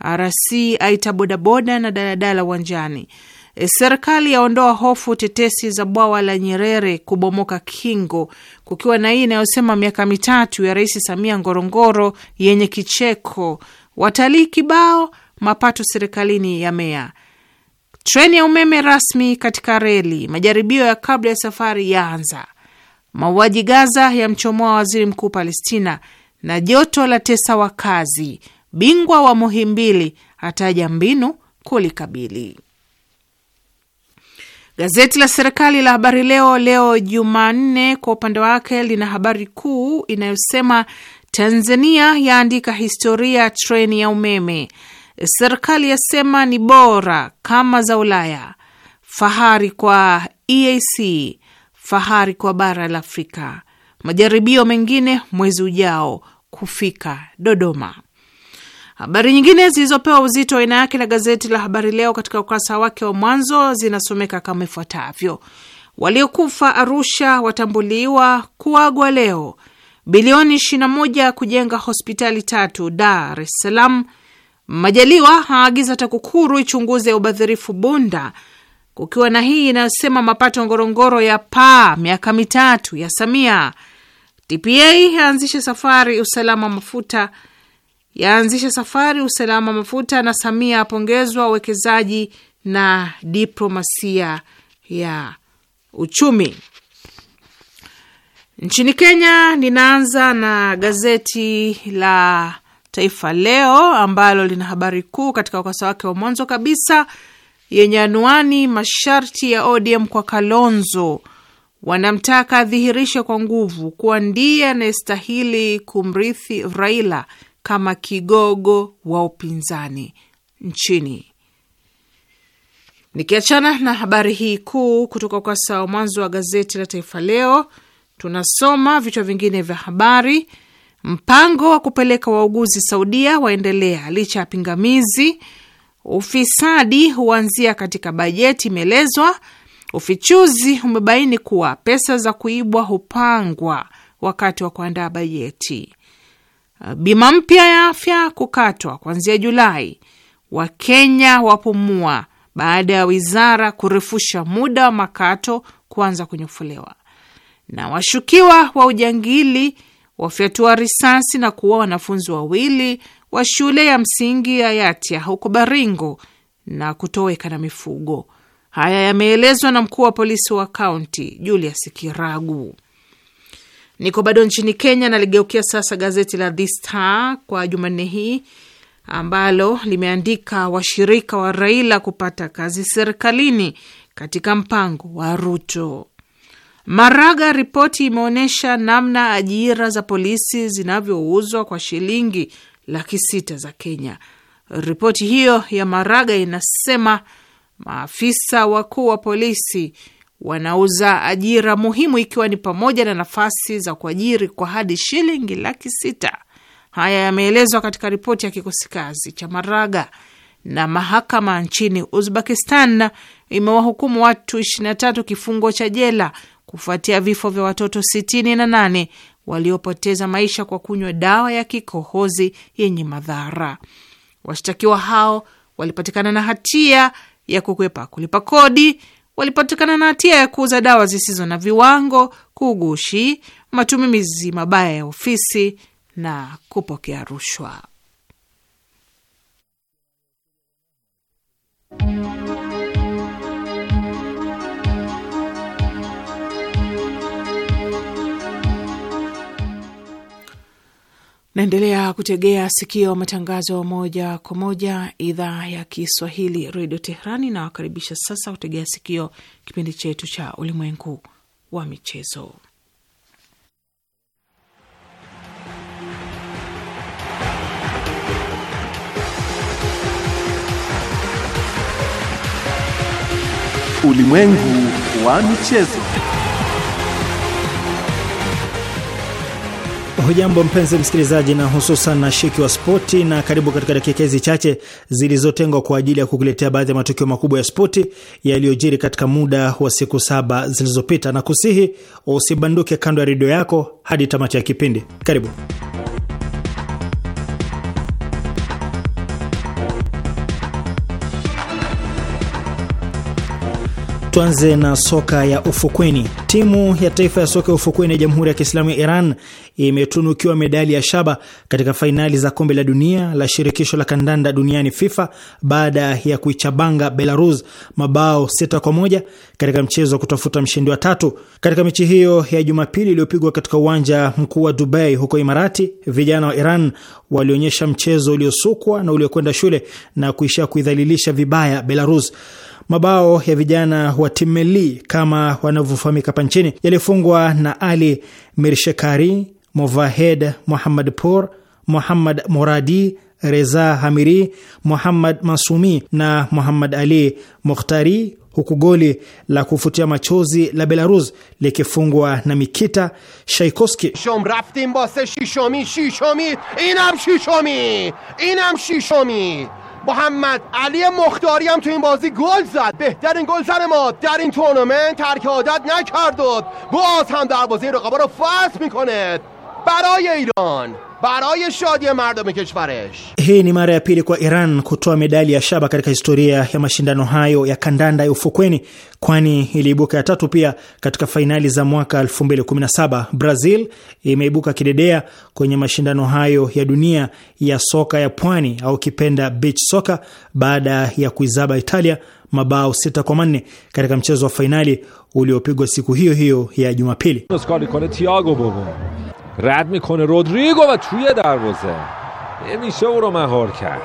C: RC aita bodaboda na daladala uwanjani. E, serikali yaondoa hofu tetesi za bwawa la Nyerere kubomoka kingo, kukiwa na hii inayosema miaka mitatu ya Rais Samia Ngorongoro yenye kicheko, watalii kibao, mapato serikalini ya mea treni ya umeme rasmi katika reli, majaribio ya kabla ya safari yaanza, mauaji Gaza yamchomoa waziri mkuu Palestina, na joto la tesa wakazi. Bingwa wa Muhimbili ataja mbinu kulikabili. Gazeti la serikali la Habari Leo leo Jumanne kwa upande wake lina habari kuu inayosema Tanzania yaandika historia treni ya umeme. Serikali yasema ni bora kama za Ulaya. Fahari kwa EAC, fahari kwa bara la Afrika. Majaribio mengine mwezi ujao kufika Dodoma. Habari nyingine zilizopewa uzito wa aina yake na gazeti la Habari Leo katika ukurasa wake wa mwanzo zinasomeka kama ifuatavyo: waliokufa Arusha watambuliwa, kuagwa leo, bilioni 21 kujenga hospitali tatu Dar es Salaam, Majaliwa haagiza TAKUKURU ichunguze ubadhirifu Bunda, kukiwa na hii inayosema mapato Ngorongoro ya paa miaka mitatu ya Samia, TPA haanzishe safari usalama mafuta yaanzisha safari usalama mafuta, na Samia apongezwa uwekezaji na diplomasia ya uchumi. Nchini Kenya, ninaanza na gazeti la Taifa Leo ambalo lina habari kuu katika ukurasa wake wa mwanzo kabisa yenye anuani masharti ya ODM kwa Kalonzo, wanamtaka adhihirishe kwa nguvu kuwa ndiye anayestahili kumrithi Raila kama kigogo wa upinzani nchini. Nikiachana na habari hii kuu kutoka ukurasa wa mwanzo wa gazeti la Taifa Leo, tunasoma vichwa vingine vya habari. Mpango wa kupeleka wauguzi Saudia waendelea licha ya pingamizi. Ufisadi huanzia katika bajeti, imeelezwa. Ufichuzi umebaini kuwa pesa za kuibwa hupangwa wakati wa kuandaa bajeti. Uh, bima mpya ya afya kukatwa kuanzia Julai, Wakenya wapumua baada ya wizara kurefusha muda wa makato kuanza kunyofolewa, na washukiwa wa ujangili wafyatua risasi na kuua wanafunzi wawili wa shule ya msingi ya Yatia huko Baringo na kutoweka na mifugo. Haya yameelezwa na mkuu wa polisi wa kaunti Julius Kiragu. Niko bado nchini Kenya naligeukia sasa gazeti la The Star kwa Jumanne hii ambalo limeandika washirika wa Raila kupata kazi serikalini katika mpango wa Ruto. Maraga, ripoti imeonyesha namna ajira za polisi zinavyouzwa kwa shilingi laki sita za Kenya. Ripoti hiyo ya Maraga inasema maafisa wakuu wa polisi wanauza ajira muhimu ikiwa ni pamoja na nafasi za kuajiri kwa hadi shilingi laki sita. Haya yameelezwa katika ripoti ya kikosi kazi cha Maraga. Na mahakama nchini Uzbekistan imewahukumu watu 23 kifungo cha jela kufuatia vifo vya watoto 68 waliopoteza maisha kwa kunywa dawa ya kikohozi yenye madhara. Washtakiwa hao walipatikana na hatia ya kukwepa kulipa kodi walipatikana na hatia ya kuuza dawa zisizo na viwango, kugushi, matumizi mabaya ya ofisi na kupokea rushwa. Naendelea kutegea sikio matangazo moja kwa moja idhaa ya Kiswahili redio Teherani. Nawakaribisha sasa kutegea sikio kipindi chetu cha ulimwengu wa michezo.
A: Ulimwengu wa michezo. Hujambo mpenzi msikilizaji, na hususan na shiki wa spoti, na karibu katika dakika hizi chache zilizotengwa kwa ajili ya kukuletea baadhi ya matukio makubwa ya spoti yaliyojiri katika muda wa siku saba zilizopita, na kusihi usibanduke kando ya redio yako hadi tamati ya kipindi. Karibu. Tuanze na soka ya ufukweni. Timu ya taifa ya soka ya ufukweni ya Jamhuri ya Kiislamu ya Iran imetunukiwa medali ya shaba katika fainali za kombe la dunia la shirikisho la kandanda duniani FIFA baada ya kuichabanga Belarus mabao sita kwa moja katika mchezo wa kutafuta mshindi wa tatu. Katika mechi hiyo ya Jumapili iliyopigwa katika uwanja mkuu wa Dubai huko Imarati, vijana wa Iran walionyesha mchezo uliosukwa na uliokwenda shule na kuishia kuidhalilisha vibaya Belarus. Mabao ya vijana wa timu kama wanavyofahamika hapa nchini yalifungwa na Ali Mirshekari موهد محمد پور محمد مرادی رضا حمیری محمد مسومی نه محمد علی مختاری حکو گولی لا کوفوتیا ماچوزی لا بلاروز لکه فونگوا نا میکیتا شایکوسکی شم رفتیم
B: با سه شیشومی شیشومی اینم شیشومی اینم شیشومی محمد علی مختاری هم تو این بازی گل زد بهترین گل زن ما در این تورنمنت ترک عادت نکرد باز هم دروازه رقابا رو فصل میکنه برای ایران برای شادی مردم کشورش.
A: Hii ni mara ya pili kwa Iran kutoa medali ya shaba katika historia ya mashindano hayo ya kandanda ya ufukweni, kwani iliibuka ya tatu pia katika fainali za mwaka 2017. Brazil imeibuka kidedea kwenye mashindano hayo ya dunia ya soka ya pwani au kipenda beach soccer baada ya kuizaba Italia mabao sita kwa manne katika mchezo wa fainali uliopigwa siku hiyo hiyo ya Jumapili. رد میکنه رودریگو
E: و توی دروازه نمیشه او رو مهار کرد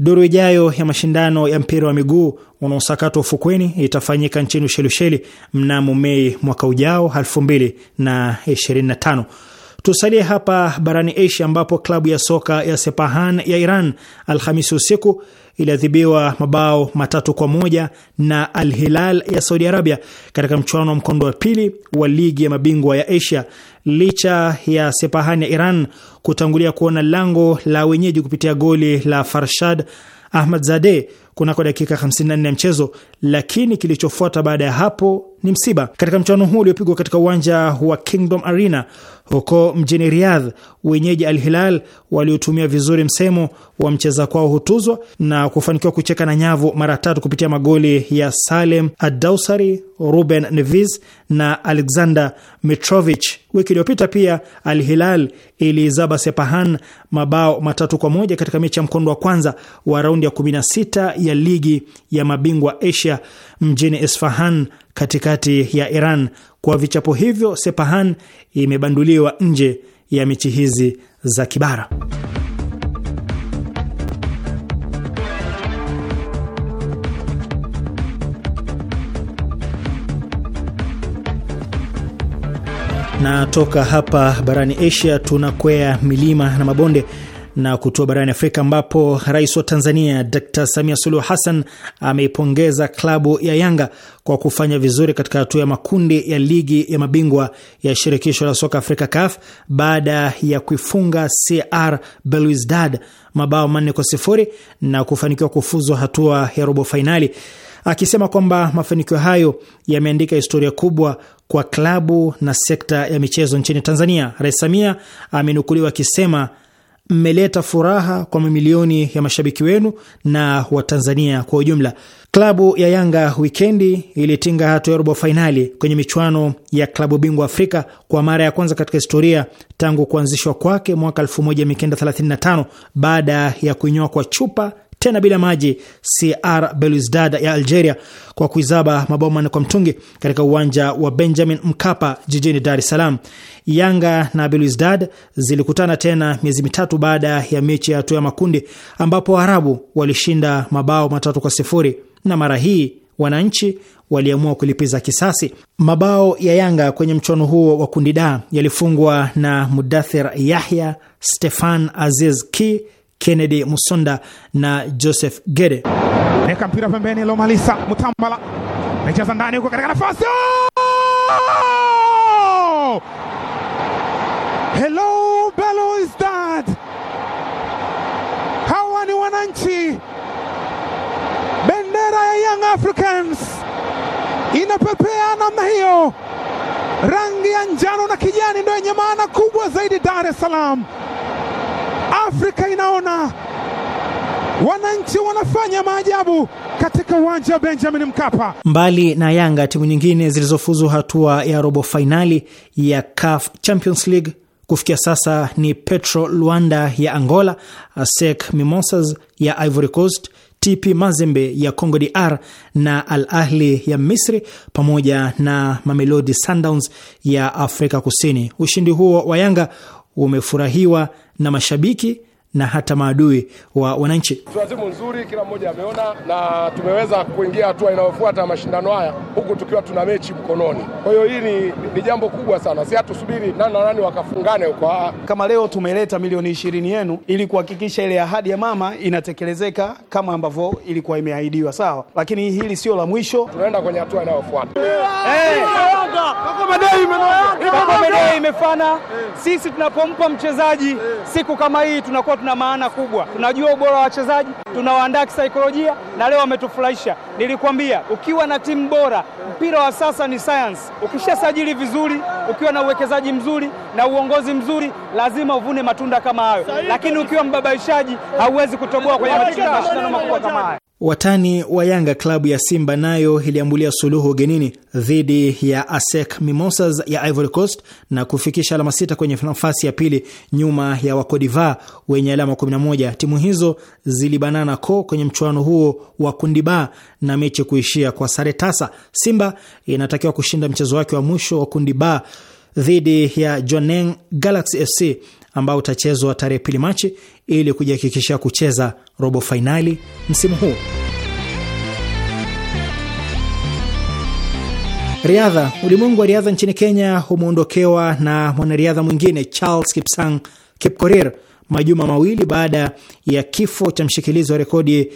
A: Duru ijayo ya mashindano ya mpira wa miguu unaosakatwa ufukweni itafanyika nchini Ushelisheli mnamo Mei mwaka ujao 2025. Tusalie hapa barani Asia ambapo klabu ya soka ya Sepahan ya Iran Alhamisi usiku iliadhibiwa mabao matatu kwa moja na Al Hilal ya Saudi Arabia katika mchuano wa mkondo wa pili wa ligi ya mabingwa ya Asia licha ya Sepahan ya Iran kutangulia kuona lango la wenyeji kupitia goli la Farshad ahmad Zadeh, kunako dakika 54 ya mchezo, lakini kilichofuata baada ya hapo ni msiba. Katika mchuano huu uliopigwa katika uwanja wa Kingdom Arena huko mjini Riyadh, wenyeji Al Hilal waliotumia vizuri msemo wa mcheza kwao hutuzwa na kufanikiwa kucheka na nyavu mara tatu kupitia magoli ya Salem adausari Ruben Neves na Alexander Mitrovic. Wiki iliyopita pia Al Hilal ilizaba Sepahan mabao matatu kwa moja katika mechi ya mkondo wa kwanza wa raundi ya 16 ya ligi ya mabingwa Asia mjini Isfahan katikati ya Iran. Kwa vichapo hivyo, Sepahan imebanduliwa nje ya mechi hizi za kibara. Na toka hapa barani Asia tunakwea milima na mabonde na kutua barani Afrika, ambapo rais wa Tanzania Dr Samia Suluhu Hassan ameipongeza klabu ya Yanga kwa kufanya vizuri katika hatua ya makundi ya ligi ya mabingwa ya shirikisho la soka Afrika, CAF, baada ya kuifunga CR Belouizdad mabao manne kwa sifuri na kufanikiwa kufuzwa hatua ya robo fainali, akisema kwamba mafanikio hayo yameandika historia kubwa kwa klabu na sekta ya michezo nchini Tanzania. Rais Samia amenukuliwa akisema mmeleta furaha kwa mamilioni ya mashabiki wenu na Watanzania kwa ujumla. Klabu ya Yanga wikendi ilitinga hatua ya robo fainali kwenye michuano ya klabu bingwa Afrika kwa mara ya kwanza katika historia tangu kuanzishwa kwake mwaka 1935 baada ya kuinywa kwa chupa tena bila maji CR Belouizdad ya Algeria kwa kuizaba mabao manne kwa mtungi katika uwanja wa Benjamin Mkapa jijini Dar es Salaam. Yanga na Belouizdad zilikutana tena miezi mitatu baada ya mechi ya hatua ya makundi ambapo Waarabu walishinda mabao matatu kwa sifuri na mara hii wananchi waliamua kulipiza kisasi. Mabao ya Yanga kwenye mchuano huo wa kundi da yalifungwa na Mudathir Yahya, Stefan Aziz Ki Kennedy Musonda na Joseph Gede. Neka mpira pembeni, Lomalisa Mutambala anacheza ndani huko katika nafasi.
E: Oh! Hello Bello is that Hawa ni wananchi, bendera ya Young Africans inapepea namna hiyo, rangi ya njano na kijani ndio yenye maana kubwa zaidi Dar es Salaam. Afrika inaona wananchi wanafanya maajabu katika uwanja wa Benjamin Mkapa.
A: Mbali na Yanga, timu nyingine zilizofuzu hatua ya robo fainali ya CAF Champions League kufikia sasa ni Petro Luanda ya Angola, ASEC Mimosas ya Ivory Coast, TP Mazembe ya Congo DR na Al Ahli ya Misri pamoja na Mamelodi Sundowns ya Afrika Kusini. Ushindi huo wa Yanga umefurahiwa na mashabiki na hata maadui wa wananchi. Tuna timu nzuri, kila mmoja ameona, na tumeweza kuingia hatua inayofuata mashindano haya huku tukiwa tuna mechi mkononi. Kwa hiyo hii ni, ni jambo kubwa sana, si hatusubiri nani na nani wakafungane kwa... Kama leo tumeleta milioni ishirini yenu ili kuhakikisha ile ahadi ya mama inatekelezeka kama ambavyo ilikuwa imeahidiwa, sawa, lakini hili sio la mwisho, tunaenda kwenye hatua inayofuata.
D: Eh!
B: imefana eh.
D: sisi tunapompa mchezaji eh. siku kama hii tunakuwa tuna tuna maana kubwa. Tunajua ubora wa wachezaji, tunawaandaa
A: kisaikolojia, na leo wametufurahisha. Nilikwambia ukiwa na timu bora, mpira wa sasa ni science. Ukishasajili vizuri, ukiwa na uwekezaji mzuri na uongozi mzuri, lazima uvune matunda kama hayo, lakini ukiwa mbabaishaji, hauwezi kutoboa kwenye mashindano makubwa kama haya. Watani wa Yanga, klabu ya Simba nayo iliambulia suluhu ugenini dhidi ya ASEC Mimosas ya Ivory Coast na kufikisha alama sita kwenye nafasi ya pili nyuma ya Wakodiva wenye alama 11. Timu hizo zilibanana ko kwenye mchuano huo wa kundi ba na mechi kuishia kwa sare tasa. Simba inatakiwa kushinda mchezo wake wa mwisho wa kundi ba dhidi ya Joneng Galaxy FC ambao utachezwa tarehe pili Machi ili kujihakikishia kucheza robo fainali msimu huu. Riadha. Ulimwengu wa riadha nchini Kenya umeondokewa na mwanariadha mwingine Charles Kipsang Kipkorir majuma mawili baada ya kifo cha mshikilizi wa rekodi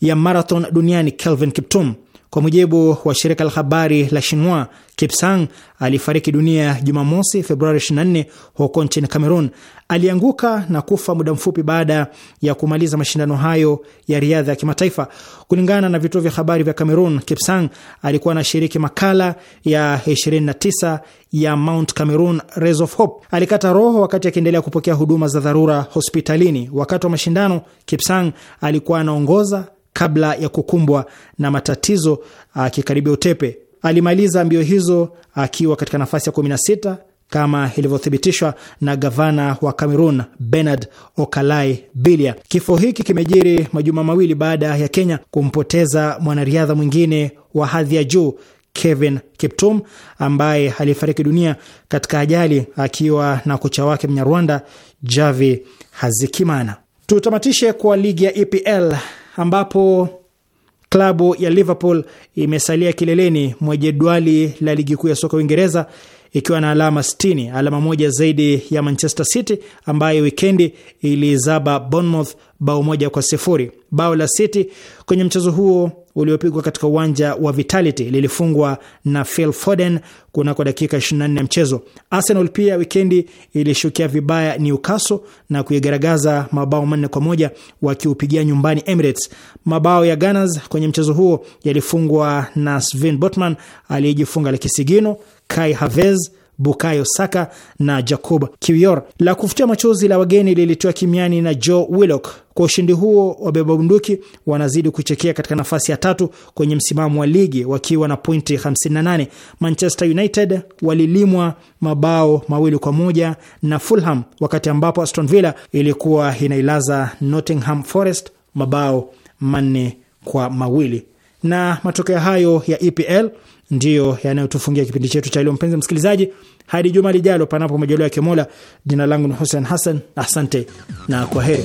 A: ya marathon duniani Kelvin Kiptum. Kwa mujibu wa shirika la habari la Shinwa, Kipsang alifariki dunia Jumamosi, Februari 24 huko nchini Cameroon. Alianguka na kufa muda mfupi baada ya kumaliza mashindano hayo ya riadha ya kimataifa. Kulingana na vituo vya habari vya Cameroon, Kipsang alikuwa anashiriki makala ya 29 ya Mount Cameroon Race of Hope. Alikata roho wakati akiendelea kupokea huduma za dharura hospitalini. Wakati wa mashindano, Kipsang alikuwa anaongoza kabla ya kukumbwa na matatizo akikaribia utepe. Alimaliza mbio hizo akiwa katika nafasi ya 16 kama ilivyothibitishwa na gavana wa Cameroon Bernard Okalai Bilia. Kifo hiki kimejiri majuma mawili baada ya Kenya kumpoteza mwanariadha mwingine wa hadhi ya juu Kevin Kiptum ambaye alifariki dunia katika ajali akiwa na kocha wake Mnyarwanda Javi Hazikimana. Tutamatishe kwa ligi ya EPL ambapo Klabu ya Liverpool imesalia kileleni mwa jedwali la ligi kuu ya soka Uingereza ikiwa na alama 60, alama moja zaidi ya Manchester City ambayo wikendi ilizaba Bournemouth bao moja kwa sifuri. Bao la City kwenye mchezo huo uliopigwa katika uwanja wa Vitality lilifungwa na Phil Foden kunako dakika 24 ya mchezo. Arsenal pia wikendi ilishukia vibaya Newcastle na kuigaragaza mabao manne kwa moja wakiupigia nyumbani Emirates. Mabao ya Gunners kwenye mchezo huo yalifungwa na Sven Botman aliyejifunga la kisigino, Kai Havertz Bukayo Saka na Jacob Kiwior. La kufutia machozi la wageni lilitoa kimiani na Joe Willock. Kwa ushindi huo, wabeba bunduki wanazidi kuchekea katika nafasi ya tatu kwenye msimamo wa ligi wakiwa na pointi 58. Manchester United walilimwa mabao mawili kwa moja na Fulham, wakati ambapo Aston Villa ilikuwa inailaza Nottingham Forest mabao manne kwa mawili na matokeo hayo ya EPL ndiyo yanayotufungia kipindi chetu cha leo, mpenzi msikilizaji, hadi juma lijalo, panapo majaliwa ya kemola Jina langu ni Hussein Hassan, asante na kwa heri.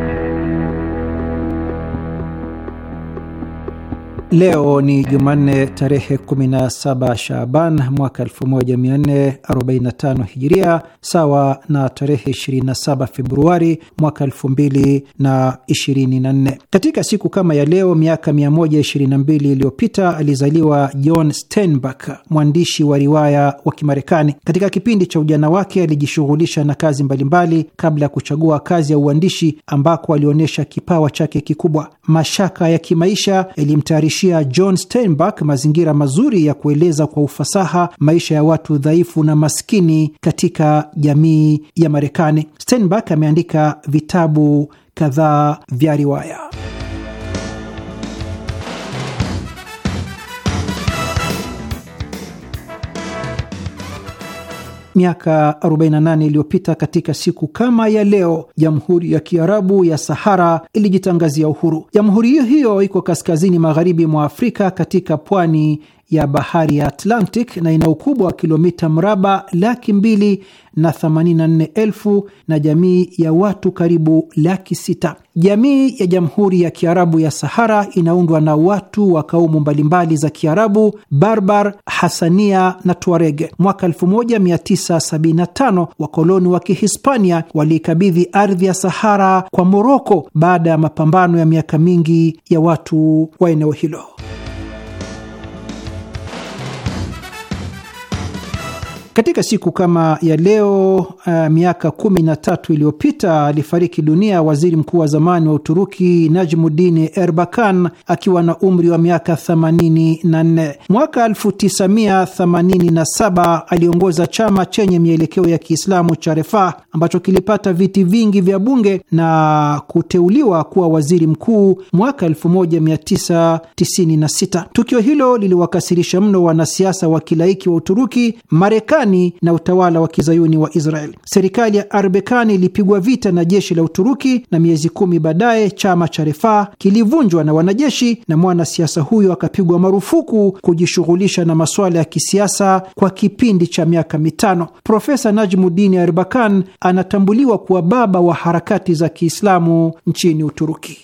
D: Leo ni Jumanne tarehe 17 Shaban mwaka 1445 Hijiria, sawa na tarehe 27 Februari mwaka 2024. Katika siku kama ya leo miaka 122 iliyopita alizaliwa John Steinbeck, mwandishi wa riwaya wa Kimarekani. Katika kipindi cha ujana wake alijishughulisha na kazi mbalimbali kabla ya kuchagua kazi ya uandishi, ambako alionyesha kipawa chake kikubwa. Mashaka ya kimaisha yalimtayarisha kumrudishia John Steinbeck mazingira mazuri ya kueleza kwa ufasaha maisha ya watu dhaifu na maskini katika jamii ya Marekani. Steinbeck ameandika vitabu kadhaa vya riwaya. miaka 48 iliyopita katika siku kama ya leo, jamhuri ya Kiarabu ya Sahara ilijitangazia uhuru. Jamhuri hiyo hiyo iko kaskazini magharibi mwa Afrika katika pwani ya bahari ya Atlantic na ina ukubwa wa kilomita mraba laki mbili na themanini na nne elfu na jamii ya watu karibu laki sita. Jamii ya Jamhuri ya Kiarabu ya Sahara inaundwa na watu wa kaumu mbalimbali za Kiarabu, Barbar, Hasania na Tuarege. Mwaka 1975 wakoloni wa Kihispania waliikabidhi ardhi ya Sahara kwa Moroko baada ya mapambano ya miaka mingi ya watu wa eneo hilo. Katika siku kama ya leo uh, miaka kumi na tatu iliyopita alifariki dunia waziri mkuu wa zamani wa Uturuki Najmudin Erbakan akiwa na umri wa miaka 84. Mwaka 1987 aliongoza chama chenye mielekeo ya Kiislamu cha Refah ambacho kilipata viti vingi vya bunge na kuteuliwa kuwa waziri mkuu mwaka 1996. Tukio hilo liliwakasirisha mno wanasiasa wa kilaiki wa Uturuki, Marekani Marekani na utawala wa kizayuni wa Israeli. Serikali ya Arbekani ilipigwa vita na jeshi la Uturuki, na miezi kumi baadaye chama cha Refaa kilivunjwa na wanajeshi na mwanasiasa huyo akapigwa marufuku kujishughulisha na masuala ya kisiasa kwa kipindi cha miaka mitano. Profesa Najmudini Arbakan anatambuliwa kuwa baba wa harakati za Kiislamu nchini Uturuki.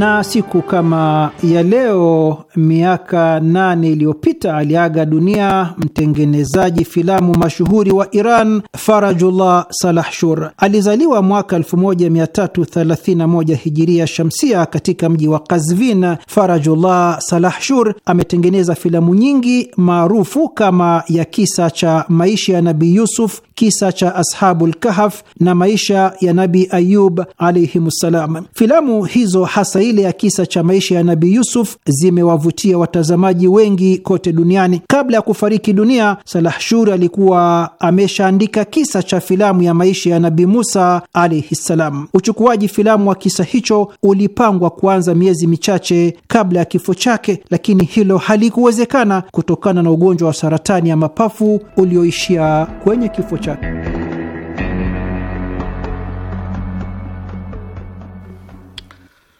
D: na siku kama ya leo miaka nane iliyopita aliaga dunia mtengenezaji filamu mashuhuri wa Iran Farajullah Salahshur. Alizaliwa mwaka 1331 hijiria shamsia katika mji wa Kazvin. Farajullah Salahshur ametengeneza filamu nyingi maarufu kama ya kisa cha maisha ya Nabii Yusuf, kisa cha Ashabu Kahaf na maisha ya Nabi Ayub alaihimussalam. Filamu hizo hasa ile ya kisa cha maisha ya Nabi Yusuf zimewavutia watazamaji wengi kote duniani. Kabla ya kufariki dunia, Salahshuri alikuwa ameshaandika kisa cha filamu ya maisha ya Nabi Musa alaihi ssalam. Uchukuaji filamu wa kisa hicho ulipangwa kuanza miezi michache kabla ya kifo chake, lakini hilo halikuwezekana kutokana na ugonjwa wa saratani ya mapafu ulioishia kwenye kifo chake. Africa.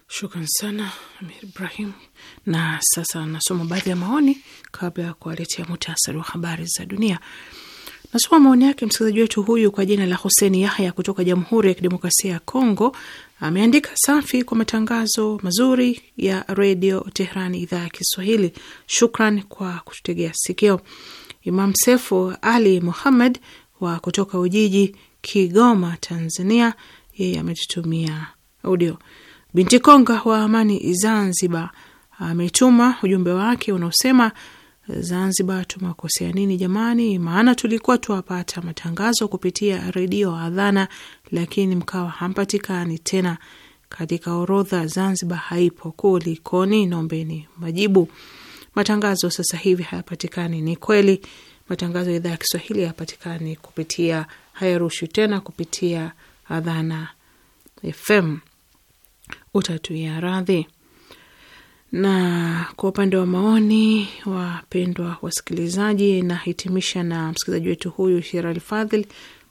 C: Shukran sana Amir Ibrahim. Na sasa nasoma baadhi ya maoni kabla ya kuwaletea muhtasari wa habari za dunia. Nasoma maoni yake msikilizaji wetu huyu kwa jina la Huseni Yahya kutoka Jamhuri ya Kidemokrasia ya Kongo. Ameandika safi kwa matangazo mazuri ya Redio tehrani idhaa ya Kiswahili. Shukran kwa kututegea sikio. Imam Sefu Ali Muhammad wa kutoka Ujiji, Kigoma, Tanzania, yeye ametutumia audio. Binti Konga wa Amani, Zanzibar, ametuma ujumbe wake unaosema Zanzibar tumakosea nini jamani? Maana tulikuwa tuwapata matangazo kupitia redio adhana, lakini mkawa hampatikani tena katika orodha. Zanzibar haipo, kulikoni? Nombeni majibu. Matangazo sasa hivi hayapatikani, ni kweli. Matangazo ya idhaa ya Kiswahili yapatikani kupitia hayarushwi tena kupitia Adhana FM. Utatuia radhi. Na kwa upande wa maoni, wapendwa wasikilizaji, nahitimisha na msikilizaji wetu huyu Sherali Fadhil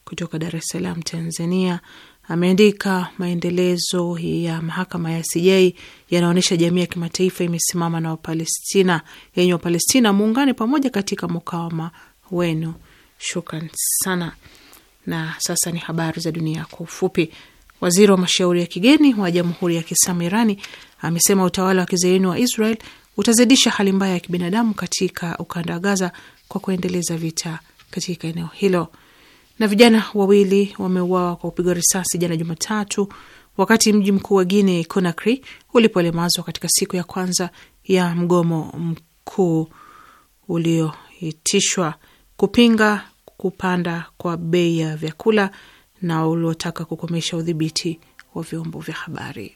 C: kutoka Dar es Salaam, Tanzania, ameandika maendelezo ya mahakama ya CJ yanaonyesha jamii ya kimataifa imesimama na Wapalestina, yenye Wapalestina, muungane pamoja katika mukawama wenu. Shukran sana. Na sasa ni habari za dunia kwa ufupi. Waziri wa mashauri ya kigeni wa Jamhuri ya Kiislamu Irani amesema utawala wa kizayuni wa Israel utazidisha hali mbaya ya kibinadamu katika ukanda wa Gaza kwa kuendeleza vita katika eneo hilo. Na vijana wawili wameuawa kwa kupigwa risasi jana Jumatatu wakati mji mkuu wa guine Conakry ulipolemazwa katika siku ya kwanza ya mgomo mkuu ulioitishwa kupinga kupanda kwa bei ya vyakula na uliotaka kukomesha udhibiti wa vyombo vya habari.